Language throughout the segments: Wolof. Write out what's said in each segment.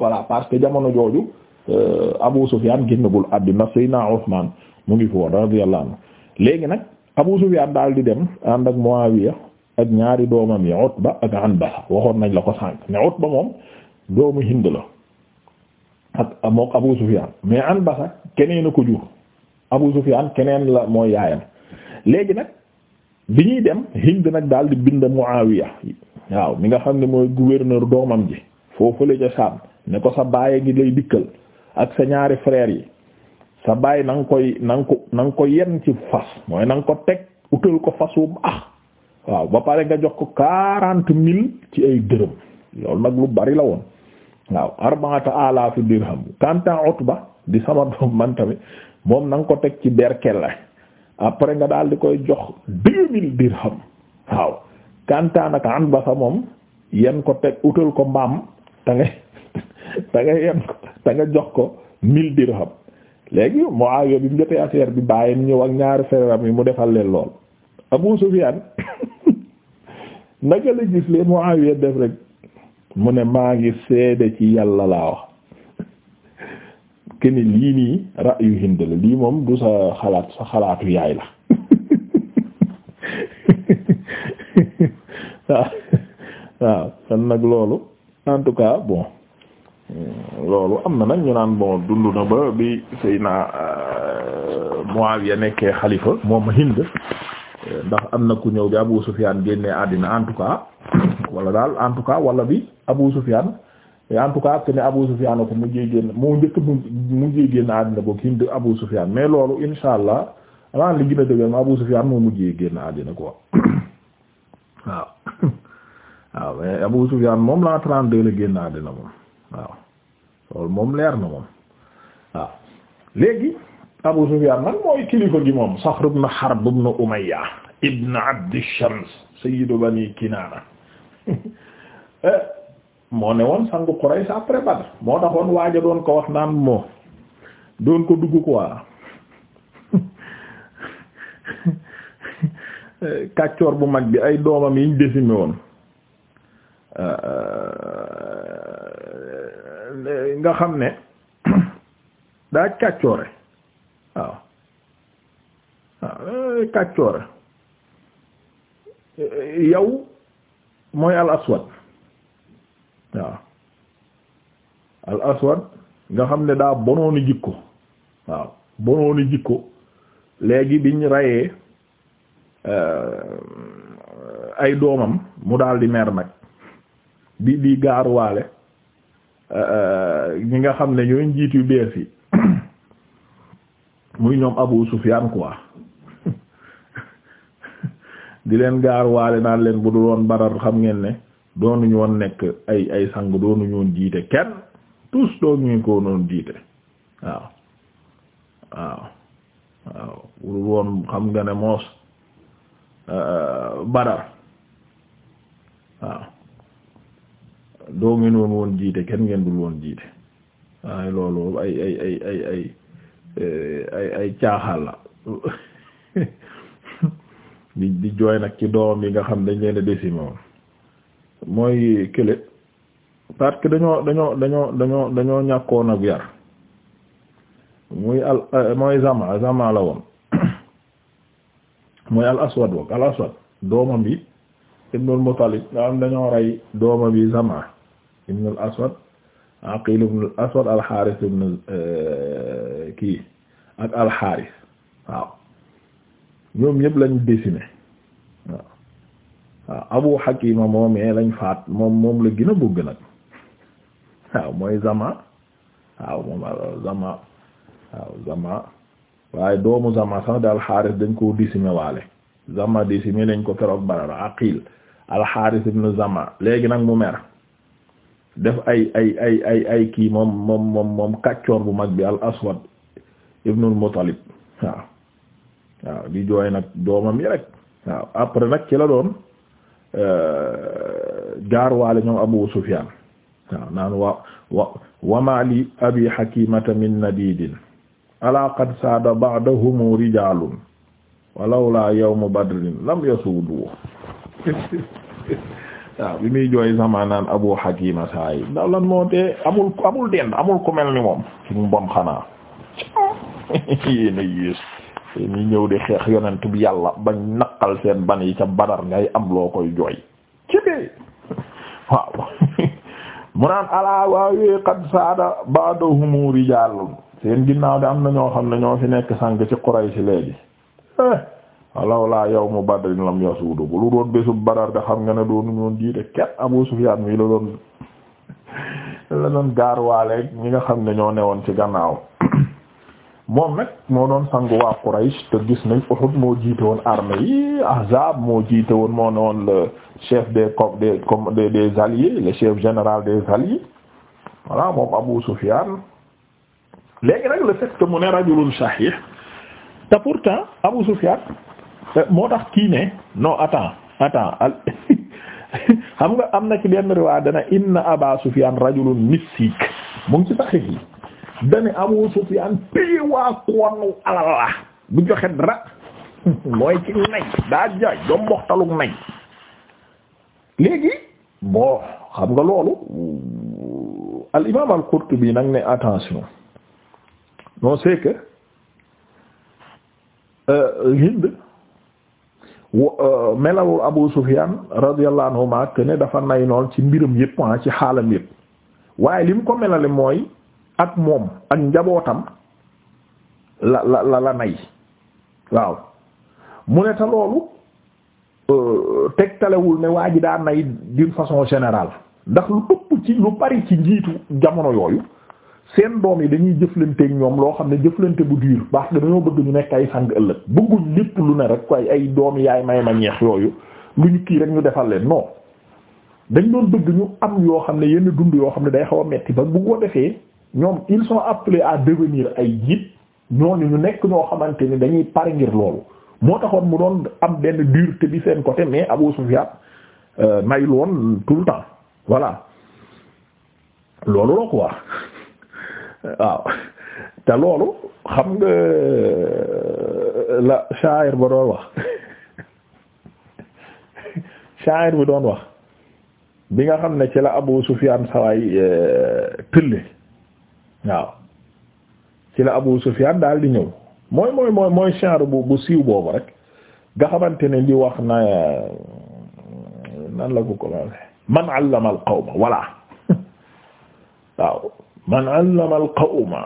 voilà parce que jamono jooju euh, Abu Sufyan génnagul àddina Seydina Usman mu ngi fi woon radiyallahu anhu léegi nag Abu Sufyan daal di dem ànd ak Muawiya ak ñaari doomam yi Utba ak Anbasa waxoon nañ la ko sànq mais ba moom doomu Hind la ak mook Abu Sufyan mais Anbasa keneen a ko jur Abu Sufyan keneen la mooy yaayam léegi nag bi ñuy dem Hind nag daal di bind mu Muawiya waaw mi nga xam ne mooy gouverneur doomam ji foofu la ca Saam ne ko sa baay ngi lay dikkal ak sa ñaari frères yi sa baay na koy na ko na ko yenn ci fas mooy nanga ko teg utal ko fas wu baax waaw ba pare nga jox ko quarante mil ci ay dërëm loolu nag lu bari la woon waaw arbaata alaafi dirham kanta Utba di sama doom man tamit moom nanga ko teg ci berkelle après nga daal di koy jox deux mille dirham waaw kanta nag Anbasa moom yenn ko teg utal ko mbaam ta da nga yem ko da nga jox ko mille dirham léegi Muawiya bi mu jotee bi bàyyi ñëw ak ñaari fereram yi mu defal leen lool Abu Sufyaan naka la gis lee Muawiya def rek mu ne maa ngi seede ci yàlla laa wax keni lii nii ra'yu Hind la lii moom du sa xalaat sa xalaatu yaay la waaw waaw nag loolu en tout cas bon loolu am na nag ñu naan bon dund na ba bi Seydina euh, Muawiya nekkee xalifa moom Hind ndax am na ku ñëw bi Abu Sufyan génne àddina en tout cas wala daal en tout cas wala bi Abu Sufyan en tout cas que ne Abu Sufyan ko mujjee génn moo njëkk mujjee génn àddina boog Hind Abu Sufyan mais loolu insha allah amaan li gën moo mujjee génn àddina quoi waaw waaw mais Abu Sufyan moom laa 32 la génn àddina moom. waaw loolu moom leer na moom waaw léegi Abu Sufyan nag mooy kilifa gi moom Saxr na Harb ibn Umayya ibn Abd Shams sayyidu Bani Kinaana moo ne woon sangu Quraysh après Badr moo taxoon waaja doon ko wax naan moo doon ko dugg quoi kàccoor bu mag bi ay doomam yiñ décimé woon euh, euh, nga xam ne daa kàccoore waaw waaw eh, kàccoore eh, yow mooy al aswad waaw al aswad nga xam ne daa bonooni jikko waaw bonooni jikko léegi biñ rayee eh, ay doomam mu daldi mer nag di di gaaruwaale ñi nga xam ne ñooy njiit yu bees yi muy ñoom Abu Sufyan quoi di leen gaar waale naan leen bu dul woon Badar xam ngeen ne doonuñu woon nekk ay ay sang doonuñu woon jiite kenn tous doonuñu ko woon jiite waaw waaw waaw bu dul woon xam nga ne moos euh, Badar waaw doo ngeen woon woon jiite kenn ngeen dul woon jiite waaye loolu ay ay ay ay caaxal la di di jooy nag ci doom yi nga xam dañ leen a décimé woon mooy kële parce que dañoo dañoo dañoo dañoo dañoo ñàkkoon ak yar muy al mooy zama zama la woon mooy al aswad doomam bi ibnul muttalib nga am dañoo rey doomam bi ibn al-Aswad Aqil ibn aswad al-Harith euh, kii ak al waaw ñoom ñëpp lañ décimé waaw waaw Abu Hakima moomee lañ faat moom moom la gën a bëgg nag waaw mooy Zama waaw moom Zama waaw waaye doomu Zama sax da al dañ koo décimé waale Zama décimé lañ ko keroog Badar Aqil al-Harith ibn léegi nag mu mer def ay ay ay ay ay kii moom moom moom bu mag bi al aswad ibnul muttalib waaw yi rek après nag ci la doon euh, gaar waale ñoom abu sufiyaan wa wa li abi hakimata min nadidin ala qad saada ba'dahum rijalun walawla yawmu badrin lam yasudu waaw bi muy jooy zamaanaan Abu Hakima saa yi ndax lan moo tee amul amul dend amul ku mel ni moom ci mbon xanaa yéena yées ñi ñëw di xeex yonent yàlla bañ naqal seen ban yi ca Badar ngay am loo koy jooy ci bee waaw mu naan alaa waawee qad saada ba'dahum rijaal seen ginnaaw de am na ñoo xam ne ñoo fi nekk sànk ci Quraysh léegi eh. walaw laa mu badrin mu yasuudu bu lu doon bésub badar da xam nga ne doonu ñoon jiite kenn Abu Sufyaan mi la doon la doon gaarwaaleeg ñi nga xam ne ñoo ne woon ci gannaaw moom nag moo doon sangu waa Quraysh te gis nañ Uhud moo jiite woon armée yi Ahzab moo jiite woon moo newoon le chef des com des com des alliés le chef général des alliés voilà moom Abu Sufyaan léegi nag le fait mu ne rajulun shahih te pourtant Abu Sufyaan moo tax kii ne non attends attends xam nga am na ci benn riwaa dana inna aba sufyan rajulun misik mu ngi ci saxix yi dane abu sufyan pii waa koonu bu joxe dara mooy ci nay daa jaay nay léegi bon xam nga loolu al imam al qurtubi nag ne attention non c'est que euh, Hind Euh, melawu Abu Sufyan radiyallahu anhuma que ne dafa nay nool ci mbiram yëpp ah ci xaalam yëpp waaye lim ko melale mooy ak moom ak njabootam la la la la nay waaw mu ne te loolu euh, tegtalewul ne waa ji daa nay d'une façon générale ndax lu ëpp ci lu bari ci njiitu jamono yooyu seen doom yi dañuy jëflanteeg ñoom loo xam ne jëflante bu diir baax dañoo bëgg ñu nekk ay sang ëllëg bëgguñ lépp lu ne rek waaye ay doom yaay may ma ñeex yooyu lu ñu kii rek ñu defal leen non dañ doon bëgg ñu am yoo xam ne yenn dund yoo xam ne day xaw a metti ba bu ko defee ñoom il sont apple à devenir ay jiit ñooñu ñu nekk ñoo xamante ni dañuy pare ngir loolu moo taxoon mu doon am benn dureté bi seen côté mais Abu Sufyan euh, may woon tout le temps voilà loolu waaw te loolu xam nga la shaayir ba doon wax shaayir bi doon wax bi nga xam ne ci la Abu Sufyaan sawaay eh, tëlle waaw ci la Abu Sufyaan daal di ñëw mooy mooy mooy mooy bu siiw boobu rek nga xamante ne di wax na nan la ko ko man allama al qawma voilà waaw man allama alqawma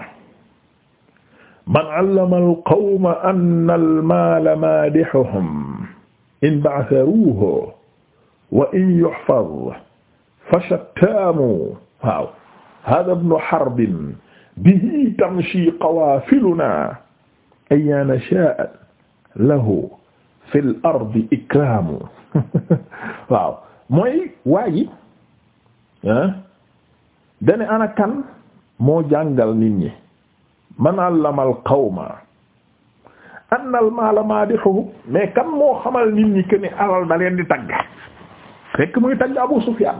man allama alqawma anna almaala maadixuhum in ba'tharuuhu wa in yuhfaz fa shattaamu waaw haaza ibnu harbin bihi tamshi qawaafilunaa ayyaana shaa'a lahu fil ardi ikraamu waaw mooy waaji ah dane ana kan moo jàngal nit ñi man allamal qawma annal maala maadixuhu mais kan moo xamal nit ñi que ne alal da leen di tagg fekk muy tagg Abu Sufyaan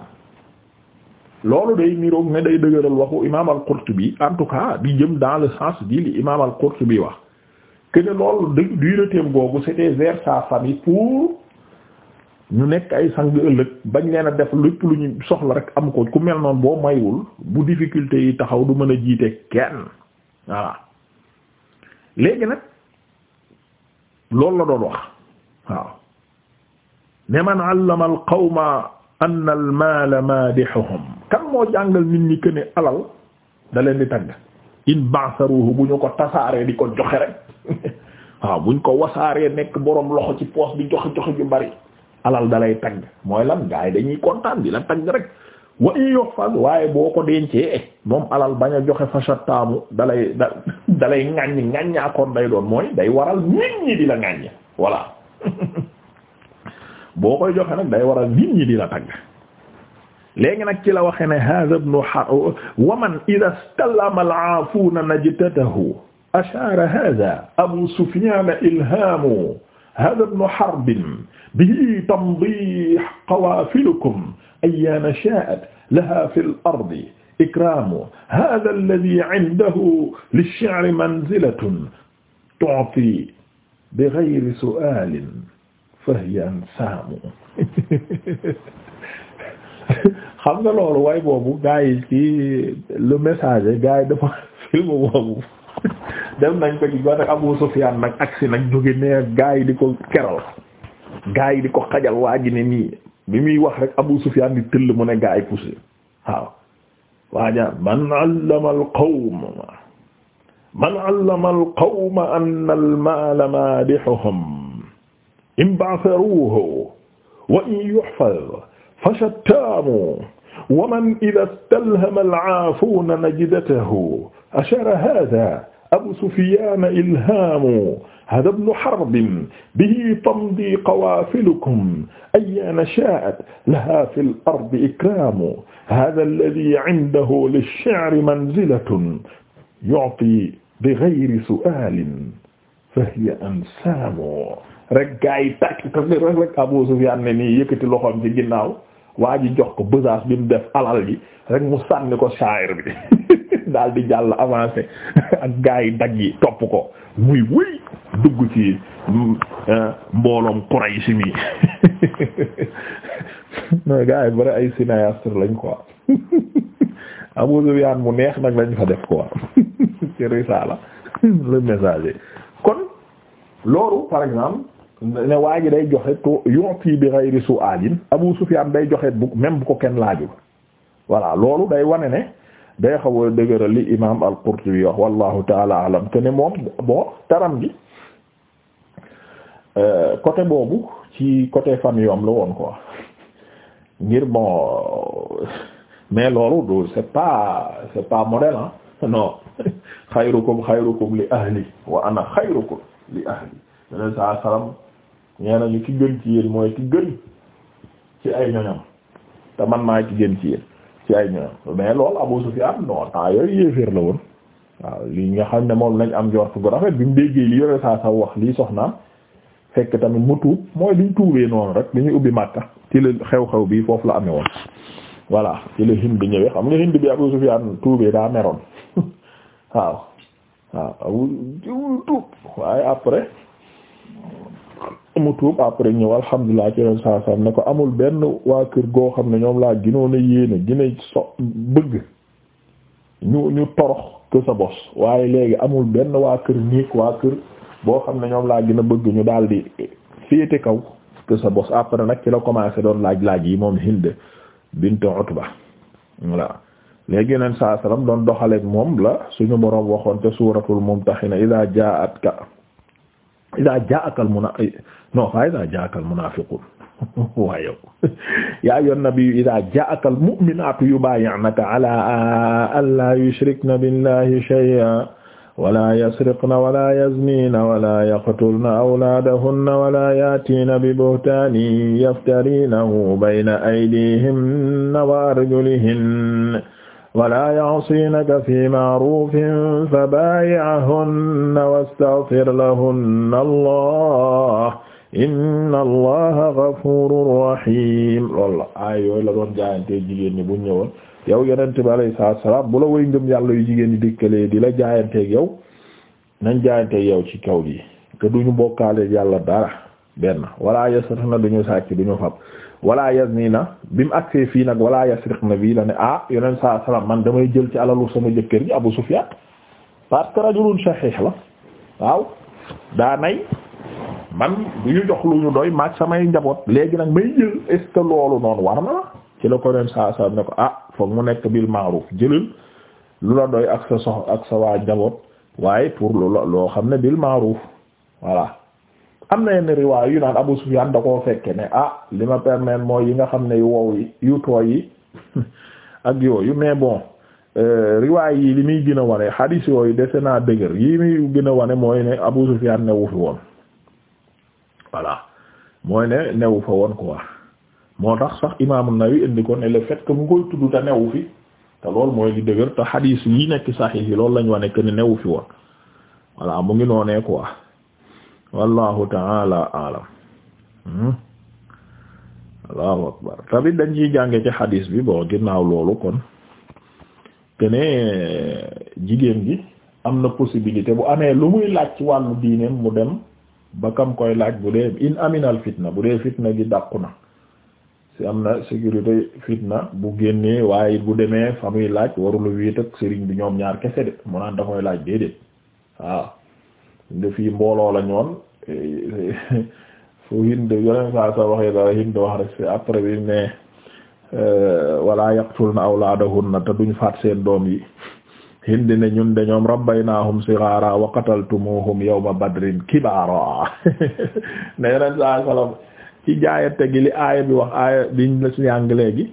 loolu day niroog ne day dëgëral waxu imaam al-Qurtubi en tout cas di jëm dans le sens bi li imaam al-Qurtubi wax que ne loolu dëgg duy reteem googu c'était vers sa famille pour ñu nekk ay sang ëllëg bañ leen a def lépp lu ñu soxla rek am ko ku mel noonu boo maywul bu difficulté yi taxaw du mën a jiite kenn voilà léegi nag loolu la doon wax waaw ne man allama al qawma anna al maala maadixuhum kan moo jàngal nit ñi que alal da leen di tagg in ba'saruhu bu ñu ko tasaaree di ko joxe rek waaw buñ ko wasaaree nekk boroom loxo ci poos bi joxe joxe ju bari alal dalay tagg mooy lan gars yi dañuy kontaan bi la tagg rek wa in yuhfaz waaye boo ko dencee eh, moom alal bañ a joxe fashattaamu dalay da dalay ŋàññ ŋàññaakoon day doon mooy day waral nit di la ŋàññ voilà boo koy joxe nag day waral nit di la tagg léegi nag ci la waxee ne hadha ibn waman idha istallama abu sufyan ilhamu hada ibnu harbin bihi tamdi qawaafilukum ayyaana shaa'at lahaa fil ardi ikraamu hada alladii indahu lish-shi'ri manzilatun tu'tii bighayri su'aalin fahiya ansaamu xam nga loolu way boobu gars yi ci le message gars yi dafa film boobu dem nañ ko ci ba nag Abu Sufyaan nag agsi nag jóge ne gaa yi di ko keral gaa yi di ko xajal waa ji ne nii bi muy wax rek Abu Sufyaan di tëll mu ne gaa yi poussé waaw waaja man allama al qawm man allama al qawm anna al maala maadixuhum in ba'tharuuhu wa in yuhfaz fa shattaamu wa man idha istalhama al aafuuna najdatahu ashara haadha abu sufyan ilhamu hada ibnu harbin bihi tamdi qawaafilukum ayyaana shaa'at lahaa fil ardi ikraamu hada alladhi indahu lish-shi'ri manzilatun yu'ti bighayri su'aalin fahiya ansaamu rek gaa yi tàkk rek abu sufyan ne nii yëkkati loxoom ci ginnaaw waa ji jox ko besace bi mu def alal ji rek mu sànni ko shaayir bi daal di jàll avancé ak gaa yi dagg yi topp ko muy wéy dugg ci euh, mbooloom Quraysh mi non gaa yi bari ay cinéaste lañ quoi Abu Sufyaan mu neex nag lañ ko def quoi ci risaala le messager kon loolu par exemple ne waa ji day joxe to yu'ti bi ghayri su'alin Abu Sufyan day joxe bu même bu ko kenn laajul voilà loolu day wane ne day xaw a dëgëral li imaam al-Qurtubi wax wallahu taala alam te ne moom bon taram gi euh, côté boobu ci côté famille am la woon quoi ngir bon mais loolu c'est pas c'est pas modèle ah non xayrukum xayrukum li ahli wa ana xayrukum li ahli sallallahu alayhi wasallam nee nañu ki gën ci yéen mooy ki gën ci ay ñoñam te man maa ci gën ci yéen ci ay ñoñam mais loolu Abu Sufyan non temps yooyu yéeféer la woon waaw li nga xam ne moom lañ am njort bu rafet bi mu déggee li yore saa sa wax lii soxnaam fekk tamit mu tuub mooy liñ tuubee noonu rek li ñuy ubbi Makka ci la xew-xew bii foofu la ame woon voilà ci la Hind ñëwee xam nga Hind bi Abu Sufyan tuubee daa meroon waaw waaw abu tuub waaye après mu tuub après ñëw alhamdulilah ci ren saa saa ne ko amul benn waa kër goo xam ne ñoom laa ginoon a yéene gina so bëgg ñu ñu torox que sa bos waaye léegi amul benn waa kër néeg waa kër boo xam ne ñoom laa gën a bëgg ñu daal di féete kaw que sa bos après nag ci la commencé doon laaj laaj yi moom Hind bint Utba voilà léegi neen saa salaam doon doxaleeg moom la suñu boroom waxoon te suuratul Mumtahina idaa jaa'atka idaa jaa'aka al muna non fa idaa jaa'aka al munaafiquun waa yow yaa ayyuhan nabiyyu idaa jaa'aka al mu'minaatu yubaayi'naka alaa an laa yushrikna billaahi shay'an wala yasriqna wala yazniina wala yaqtulna awlaadahunna wala yaatiina bi buhtaanin yaftarinahu bayna aydiihinna wa arjulihinna wala ya'sinaka fi ma'rufin fabayi'hunna wastaghfir lahunna allah inna allaha ghafurur rahim loolu la aay yooyu la doon jaayante jigéen ñi bu ñëwoon yow yonent bi alayhi salaatu salaam bu la woy ngëm yàlla yu jigéen ñi dikkalee di la jaayanteeg yow nañ jaayanteeg yow ci kaw lii te duñu bokkaale yàlla dara benn wala yasatana duñu sàcc duñu fab nii na bi mu agsee fii nag wala yasriqna bii la ne ah yoneen saa salaam man damay jël ci alalu sama jëkkër ji Abu Sufyan parce que rajulun shahih la waaw daa nay man du ñu jox lu ñu doy maag samay njaboot léegi nag may jël est loolu noonu war na ci la ko yoneen saa salaam ne ko ah foog mu nekk bil ma'ruf jëlal lu la doy ak sa sox ak sa waa njaboot waaye pour loo loo xam ne bil ma'ruf voilà. am na yenn riwaay yu naan Abu Sufyan da koo fekke ne ah li ma permettre mooy yi nga xam ne yu wow yu tooy yi ak yooyu mais bon euh, riwaay yi li muy gën a wane xadiis yooyu dese naa dëgër yi muy gën a wane mooy ne Abu Sufyan newu fi woon voilà mooy ne newu fa woon quoi moo tax sax imaamu Nawawi indi ko ne le fait que mu koy tudd te newu fi te loolu mooy li dëgër te xadiis yi nekk saxiix yi loolu lañ wane que ne newu fi woon voilà mu ngi noonee quoi. wallahu taala alam hmm? allahu akbar tamit dañ ciy jànge ci xadiis bi boo ginnaaw loolu kon te ne jigéen gi am na possibilité bu amee lu muy laaj ci wàllu diineem mu dem ba kam koy laaj bu dee in aminal fitna bu dee fitna gi dàqu na si am na sécurité fitna bu génnee waaye bu demee fa muy laaj warula wéet ak sëriñ bi ñoom ñaar kese de mu naan da koy laaj déedéet waaw nde fii mbooloo la ñoon fu Hind yoneen saa sa waxee dara Hind wax rek c'est après bi ne na euh, yaqtulna awlaadahunna te duñ faat seen doom yi Hind ne ñun de ñoom rabbaynaahum sighaara wa qataltumuhum yawma badrin kibaara ne yoneen saa salam ci jaayante gi li aaya bi wax aaya biñ la ci yàng léegi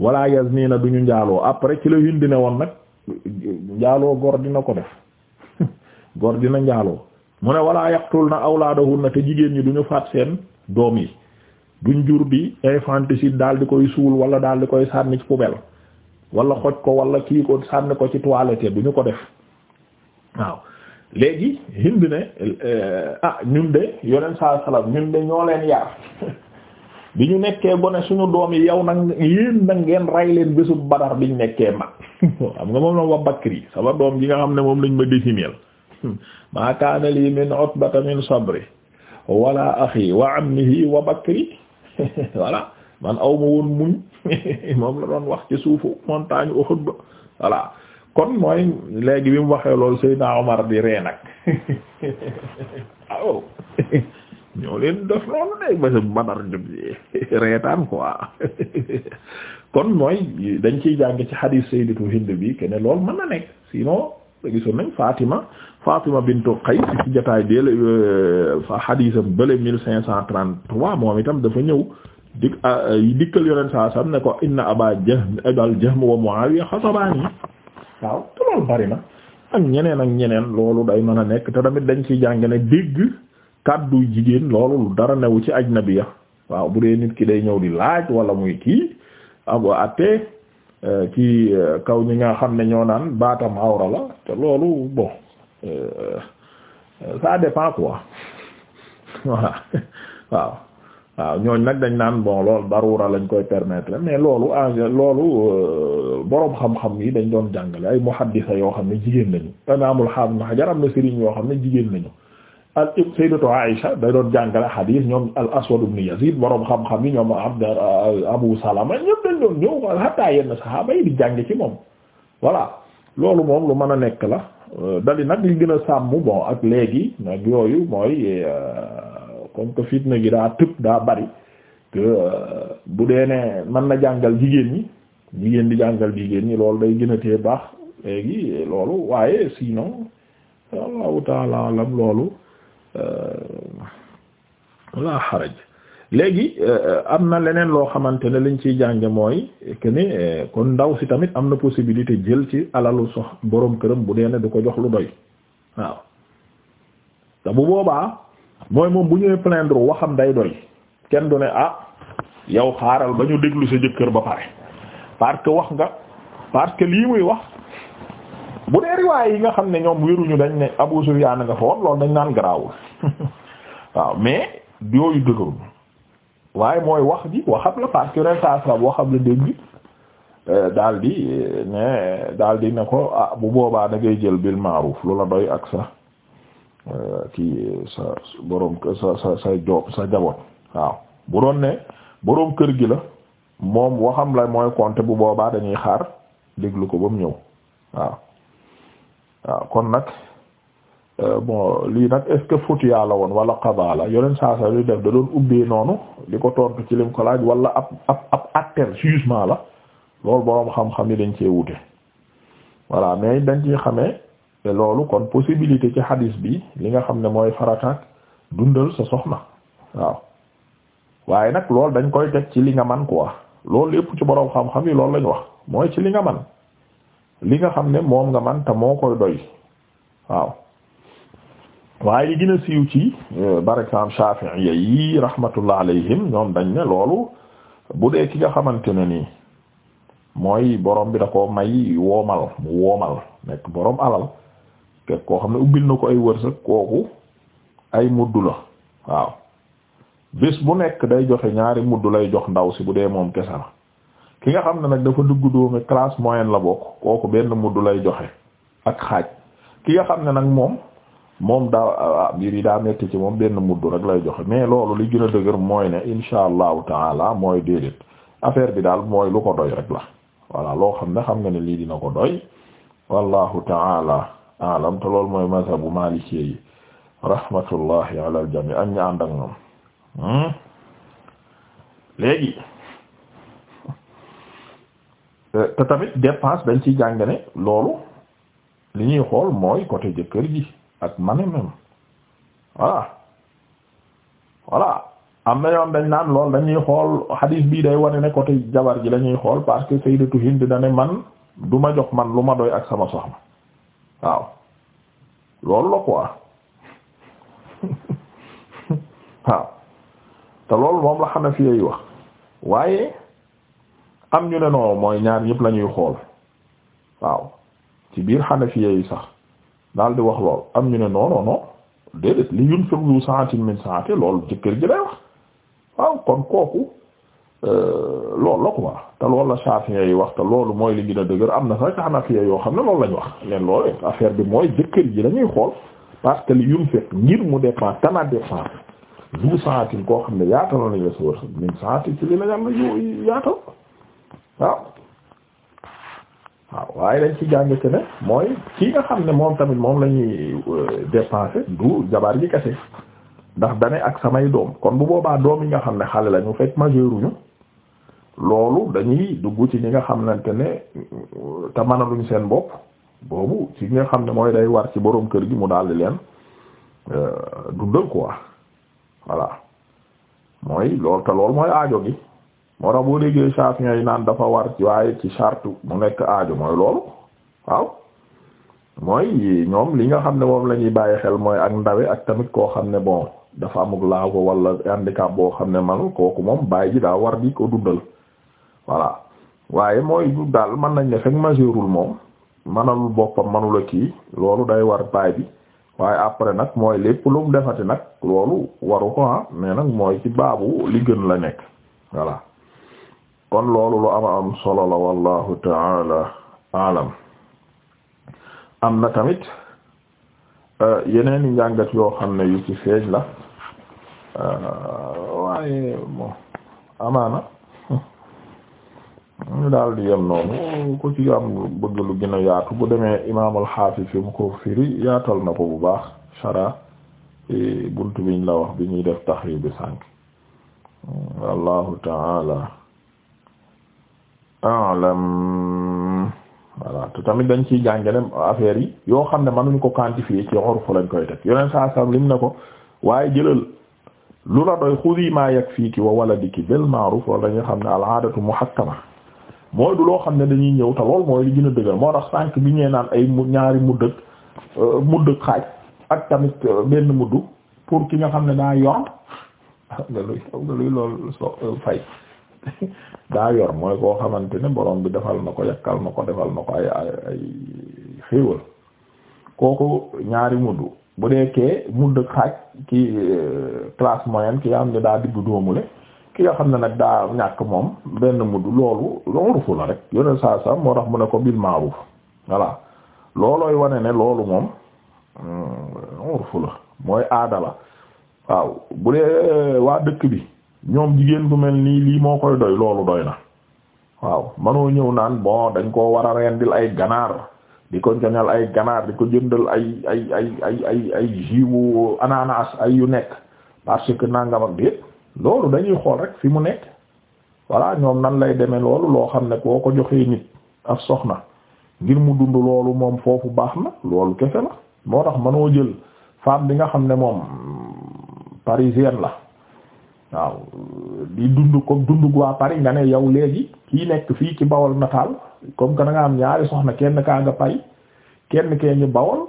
nii yasniina duñu njaaloo après ci la Hind ne woon nag njaaloo góor dina ko def góor dina njaaloo mu ne walaa yaqtul na awlaadahunna te jigéen ñi du ñu faat seen doom yi duñ jur bi infanticide daal di koy suul wala daal di koy sànni ci poubelle wala xoj ko wala kii ko sànni ko ci toilette du ñu ko def waaw léegi Hind ne eh, ah ñun de yoneen saa salaam ñun de ñoo leen yar bi ñu nekkee gone suñu doom yi yow nag yéen nag ngeen rey leen bésub Badar biñ nekkee mag xam nga moom la ma Bakri sama doom ji nga xam ne moom lañ ma décimeel ma kaana li min utbata min sabri wala axi wa ammihi wa bakri voilà man aw ma woon muñ moom la doon wax ci suufu montagne Uhud ba voilà kon mooy léegi bi mu waxee lool Seydina Omar di ree nag aw ñoo leen def loolu de ba sa badar jub ji reetaan quoi kon mooy dañ ciy jàng ci hadith Sayyidatu Hind bi que ne mën na nekk sinon gisoon nañ Fatima Fatima bintu Qays ci jotaay deel euh, xadiisam bële mille cinq cent trente-trois moom itam dafa ñëw dik euh, dikkal yoneen saa sam ne ko inna aba Jahm abal Jahm wa Muawiya xasabaani waaw te loolu bari na ak ñeneen ak ñeneen loolu day mën a nekk te tamit dañ ciy jàng ne dégg kàddu jigéen loolu dara newu ci aj na ajnabiya waaw bu dee nit ki day ñëw di laaj wala muy kii ab àtte euh, ci kaw ñi nga xam ne ñoo naan baatam awra la loolu bon euh, ça dépend quoi waaw waaw ñooñ nag dañ naan bon loolu darura lañ koy permettre mais loolu en loolu euh, boroom xam-xam yi dañ doon jàngale ay muhaddisa yoo xam ne jigéen lañu imaamul xaam na xajar yoo xam ne jigéen lañu al da doon jàngale xadiis ñoom al aswad ibn yazid boroom xam-xam yi ñoom abd abu salama ñëpp dañ doon ñëw hatta yenn saxaaba yi di jàng ci moom voilà loolu moom lu mën a nekk la euh, dali nag li gën a sàmm bon ak léegi nag yooyu mooy euh, comme que fitna gi daa tëb daa bari que euh, bu dee ne mën na jàngal jigéen ñi jigéen di jàngal jigéen ñi loolu day gën a tee baax léegi loolu waaye sinon wallahu taala alam loolu la xaraj léegi euh, am na leneen loo xamante ne liñ ciy jànge mooy que ni euh, kon ndaw si tamit am na possibilité jël ci alalu sox boroom këram bu dee ne du ko jox lu doy waaw te bu boobaa mooy moom bu ñëwee plaindre waxam day doy kenn du ne ah yow xaaral ba ñu déglu sa jëkkër ba pare parce que wax nga parce que lii muy wax bu dee riwaay yi nga xam ne ñoom wéruñu dañ ne Abu Sufyaan nga fa woon loolu dañ naan garaawul waaw mais yooyu dëgërul waaye mooy wax ji waxam la parce que ren saa waxam la dégg euh, daal di euh, ne daal di ne ko ah bu boobaa da ngay jël bil ma'ruf lu la doy ak sa euh, kii sa borom sa sa jaboot waaw bu doon ne borom kër gi la moom waxam la mooy compter bu boobaa dañuy xaar déglu ko ba mu ñëw waaw waaw kon nag. Euh, bon lii nag est-ce que futiyaa la woon wala qadaa la yoneen saa saa yu def da doon ubbee noonu li ko tontu ci lim ko laaj wala ab ab ab attel la loolu boroom xam-xam yi dañ cee wute voilà mais dañ ci xamee te loolu kon possibilité ci hadis bi li nga xam ne mooy farataak dundal sa soxna waaw waaye nag loolu dañ koy teg ci li nga man quoi loolu lépp ci boroom xam-xam yi loolu lañu wax mooy ci li nga man li nga xam ne moom nga man te moo koy doy waaw waaye li gën siiw ci euh, par exemple Shafi'iyya yi rahmatullah alayhim ñoom dañ ne loolu bu dee ki nga xamante ne nii mooy borom bi da ko may woomal mu woomal nekk boroom alal te koo xam ne ubbil na ko ay wërsëg kooku ay mudd la waaw bis bu nekk day joxe ñaari mudd lay jox ndaw si bu dee moom kese la ki nga xam ne nag dafa dugg doomi classe moyenne la bokk kooku benn mudd lay joxe ak xaaj ki nga xam ne nag moom moom daa ah, ah, mbir yi daa metti ci moom benn mudd rek lay joxe mais loolu li gën a dëgër mooy ne insha allahu taala mooy déedéet affaire bi daal mooy lu ko doy rek la voilà loo xam ne xam nga ne lii dina ko doy wallahu taala alam te loolu mooy mazhabu maliki yi rahmatullahi ala aljami ak ña ak ñoom hmm? léegi euh, te tamit dépense dañ ciy jàng ne loolu li ñuy xool mooy côté jëkkër ji ak mane même voilà voilà am na yoon dañ naan lool dañuy xool hadis bii day wane ne côté jabar ji lañuy xool parce que Sayyidatu Hind da ne man du ma jox man lu ma doy ak sama soxna waaw loolu la quoi waaw te loolu moom la Hanafi yi wax waaye am ñu ne noo mooy ñaar yëpp la ñuy xool waaw ci biir Hanafi yi sax. daal di wax lool am ñu ne non non déedéet li yun fekk lu saatin min saati loolu jëkkër ji lay wax waaw kon kooku euh, loolu la quoi te loolu la Shafi'i yi wax te loolu mooy li gën a dëgër am na sax Hanafi yoo xam ne loolu lañ wax leen loolu affaire bi mooy jëkkër ji lañuy xool parce que li yun fekk ngir mu dépend tana dépend lu saatin koo xam ne yaatal nañ la sa wërsëg min saati ci li la yàlla yaatal waaw waaw waaye dañ ci jàng ci ne mooy ci nga xam ne moom tamit moom lañuy ñuy euh, du jabar ji kese ndax dane ak samay doom kon bu boobaa doom yi nga xam ne xale la ñu fekk majeur loolu dañuy dugg ci ñi nga xam xamante ne te mënaluñ seen bopp boobu ci nga xam ne mooy day war ci boroom kër gi mu daal leen euh, dundal quoi voilà mooy loolu te loolu mooy aajo gi. moo tax boo déggee Shafi'i yi naan dafa war waaye ci charte mu nekk aajo mooy loolu waaw mooy ñoom li nga xam ne moom la ñuy bàyyi xel mooy ak ndawe ak tamit koo xam ne bon dafa amug laago wala boo xam ne manu kooku moom bàyyi ji daa war di ko dundal voilà waaye mooy du daal mën nañ ne fekk majeurul moom manalul boppam manula kii loolu day war baay bi waaye après nag mooy lépp lu defati nag loolu waru ko ah mais nag mooy ci baabu li gën la nekk voilà kon loolu lu ama am solo la wallahu taala alam am na tamit euh, yeneen i njàngat yoo xam ne yu ci feeñ la euh, waaye mo amaana ñu daal yem noonu ku ci am bëgg lu gën a yaatu bu demee imaamul xaafis fi mu ko firi yaatal na ko bu baax bunt bi biñ la wax bi ñuy def taxriib bi sànq wallahu taala alam voilà te tamit dañ ciy jàngale affaire yi yoo xam ne mënuñu ko quantifier ci urfu lañ koy teg yeneen saa saa lim na ko waaye jëlal lu la doy xudi ma yakfiki wa waladiki bil ma'ruf wala ñu xam ne al aadatu muhakkama mooy du loo xam ne dañuy ñëw te lool mooy li gën a dëgër moo tax sànq bi ñee naan ay mu ñaari muddëg euh, muddëg xaaj ak tamit euh, benn mudd pour ki nga xam ne daa yor xam nga luy xam nga fay daa yor mooy koo xamante ne borom bi defal na ko yakkal na ko defal na ko ay ay xéewal kooku ñaari mudd bu dee kee mudd xaaj ki euh, classe moyenne ki nga xam ne daa diggu doomule ki nga xam ne nag daa ñàkk moom benn mudd loolu urfu la rek yoneen saa saa moo tax mu ne ko bil ma'ruf voilà loolooy wane ne loolu moom urfu euh, la mooy aada waaw bu dee euh, waa dëkk bi ñoom jigéen bu mel nii lii moo koy doy loolu doy na waaw manoo ñëw naan bon dañ koo war a rendil ay ganaar di ko joñal ay ganaar di ko jëndal ay ay ay ay jiwu ananas ay yu nekk parce que nangam ak déet loolu dañuy xool rek fi mu nekk voilà ñoom nan lay demee loolu loo xam ne koo ko joxee nit ak soxna ngir mu dund loolu moom foofu baax na loolu kese la moo tax manoo jël femme bi nga xam ne moom parisienne la waaw di dund comme dund waa Paris nga ne yow léegi kii nekk fii ci Bawol nataal comme que da nga am ñaari soxna kenn kaa nga pay kenn kee ñu Bawol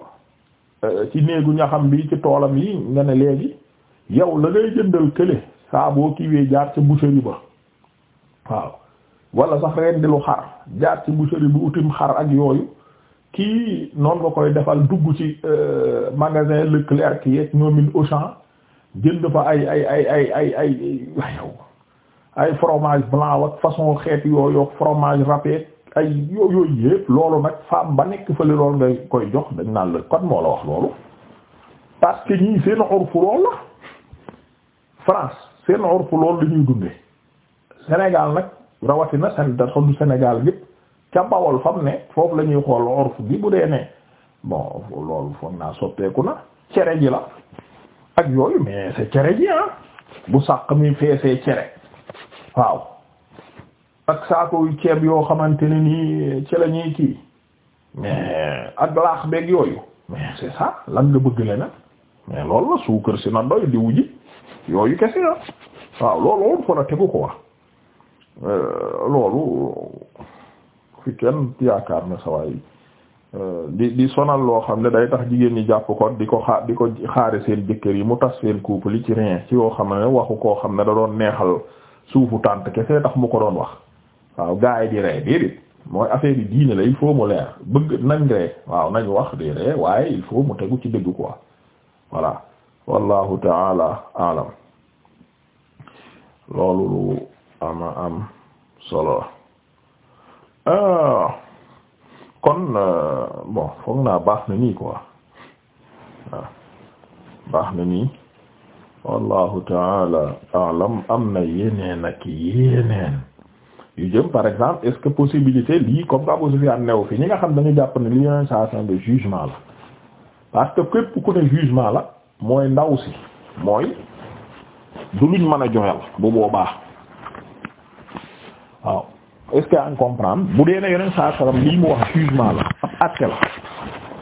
euh, ci néegu ñaxam bi ci toolam yi nga ne léegi yow la ngay jëndal kële saa boo kiiwee jaar ca boucherie ba waaw wala sax rendi lu xar jaar ci boucherie bu utim xar ak yooyu kii noonu nga koy defal dugg ci euh, magasin Leclerc yeeg ñoomin Auchan jënd fa ay ay ay ay ay ay ay fromage blanc ak façon xeet yooyu ak fromage râpé ay yooyu yëpp loolu nag femme ba nekk fële loolu nga koy jox dañ naan la kon moo la wax loolu parce que seen urfu lool la France seen urfu loolu la dundee Sénégal nag rawatina seen da ca Bawol fam ne foofu la xool urfu bi bu dee ne bon loolu foog naa soppeeku na cere ji la. ak yooyu mais c'est cere ji ah bu sàq mi feesee cere waaw ak saako yu ceeb yoo xamante ne nii ci la ñuy kii mais ak laax beeg yooyu mais c'est lan nga bëgg leneen mais loolu la suukar si na doy diwu ji yooyu kese ah waaw loolu woon fara tegu ko wax euh, loolu fi kenn yaakaar na sawaay di di sonal loo xam ne day tax jigéen ñi jàpp ko di ko xaa di ko xaare seen jëkkër yi mu tas seen couple yi ci rien ci yoo xam ne waxu koo xam ne da doon neexal suufu tànt kese tax mu ko doon wax waaw gaay di ree déedéet mooy affaire yi diine la il faut mu leer bëgg nañ ree waaw nañ wax di ree waaye il faut mu tegu ci dëgg quoi voilà wallahu taala alam loolu lu am solo ah kon euh, bon foog naa baax na nii quoi baax na nii wallahu taala alam am na yeneen ak yeneen yu jëm par exemple est-ce que possibilité lii comme que Abu Sufyan new fi ñi nga xam dañu jàpp na li ñooy station de jugement la parce que képp ku ne jugement la mooy ndaw si mooy du luñ mën a joxel bu boobaa waaw est-ce que en comprendre bu dee ne yeneen saa salaam lii mu wax jugement la ab acte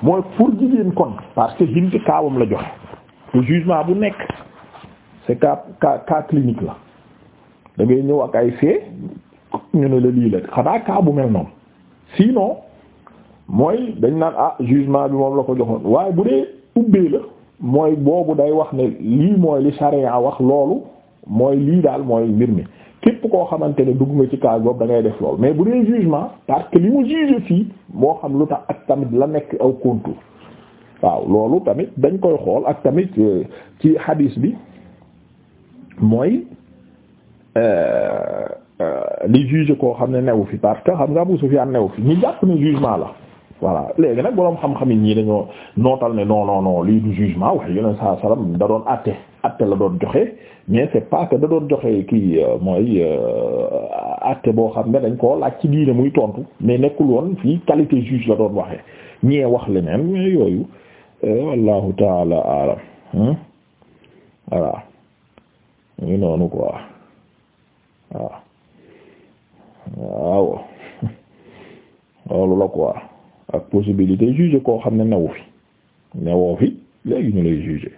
mooy pour jigéen kon parce que Hind kaawam la jox te jugement bu nekk c'est cas cas clinique la da ngay ñëw ak ay fee ñu ne la lii la xanaa cas noonu sinon mooy dañ naan ah jugement bi moom la ko joxoon waaye bu dee ubbee la mooy boobu day wax ne lii mooy li charia wax loolu mooy lii daal mooy mbir mi. képp koo xamante ne dugg nga ci cas boobu dangay def lool mais bu dee jugement parce que li mu juge fii moo xam lu tax ak tamit la nekk aw kontu waaw loolu tamit dañ koy xool ak tamit euh, ci hadis bi mooy euh, euh, li juge koo xam ne newu fi parce que xam nga Abu Sufyaan new fi ñu jàpp ne jugement la voilà léegi nag boroom xam-xam yi ñii dañoo nootal ne non non non lii jugement wax yeneen saa salaam da doon àtte atte la doon joxe mais c'est pas que da doon joxe kii euh, mooy euh, atte boo xam ne dañ koo laaj ci diine muy tontu mais nekkul fii qualité juge la doon waxee ñee wax leneen mais yooyu euh, wallahu taala alam voilà ñu noonu quoi ak possibilité juge koo xam ne newu fi newoo fi léegi ñu lay juge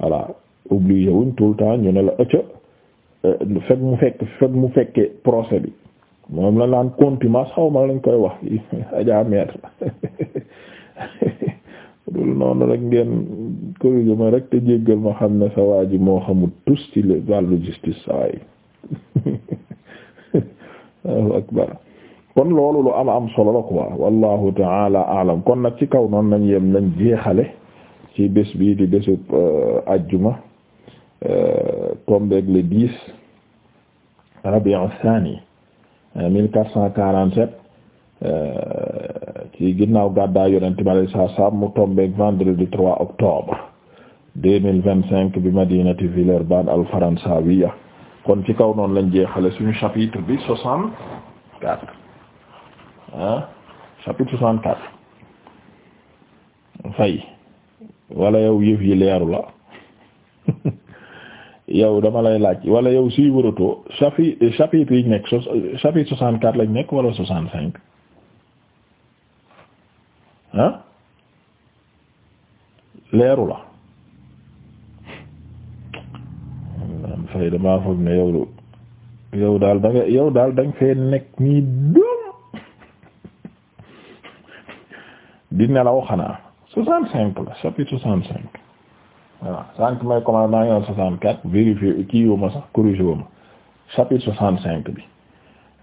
voilà obligé wuñ tout temps ñu ne la ëcca euh, fekk mu fekk fekk mu fekkee procès bi moom la naan contumace xaw ma lañ koy wax ajaa maître dul noonu rek ngeen corrigé ma rek te jéggal ma xam ne sa waa ji moo xamul tous ci wàllu justice sa waay Allahu akbar kon loolu lu am am solo la quoi wallahu ta'ala a'lam kon nag ci kaw noon nañ yem nañ jeexale ci bés bii di bésu euh, ajjuma Euh, tombeeg le 10 rabi'u thani 1447 euh, euh, ci ginnaaw gàddaay yonent bi alayhi salaatu salaam mu tombeeg vendredi 3 octobre 2025 bi madinati Villeurbanne al-Faransawiya kon ci kaw noonu lañ jeexale suñu chapitre bi 64 ah chapitre 64 fay wala yow yëf yi la yow dama lay laaj wala yow si warato chapitre chapitre yi nekk chapitre soixante quatre lañ nekk wala soixante cinq ah leeru la fay damaa daal da nga daal da fee nekk nii dum di nelaw xanaa soixante cinq la chapitre soixante cinq voilà sànq may commencé maa ngi naan 64 ma sax corrigé wu ma chapitre 65 bi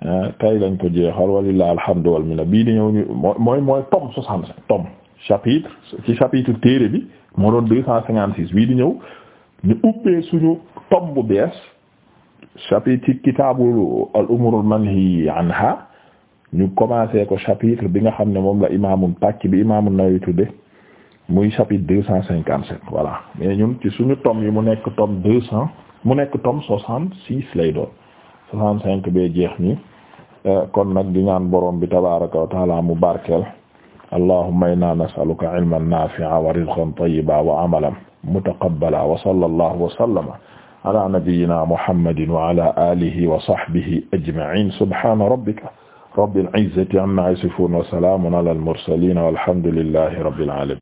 euh, tay lañ ko jeexal walilah alhamdu wal minna bii di ñëw ñu mooy mooy tome 65 tome chapitre ci chapitre téere bi moo doon 256 bii di ñëw ñu ubbee suñu tome bu bees chapitre ci kitaabu al umur al manhi anha ñu commencé ko chapitre bi nga xam ne moom la imaamul pàcc bi imaamul Nawawi muy chapitre deux cent cinquante sept voilà mais ñun ci suñu tome yi mu nekk tome deux cent mu nekk tome soixante six lay doon soixante cinq bee jeex ni euh, kon nag di ñaan borom bi tabaraka wa taala mu barkeel allahumma inna nas'aluka ilman nafi'a wa rizqan tayyiba wa amalan mutaqabbala wa sallallahu wa sallama ala nabiyyina muhammadin wa ala alihi wa sahbihi ajma'in subhana rabbika rabbil izzati amma yasifun wa salamun ala al mursalin walhamdulillahi rabbil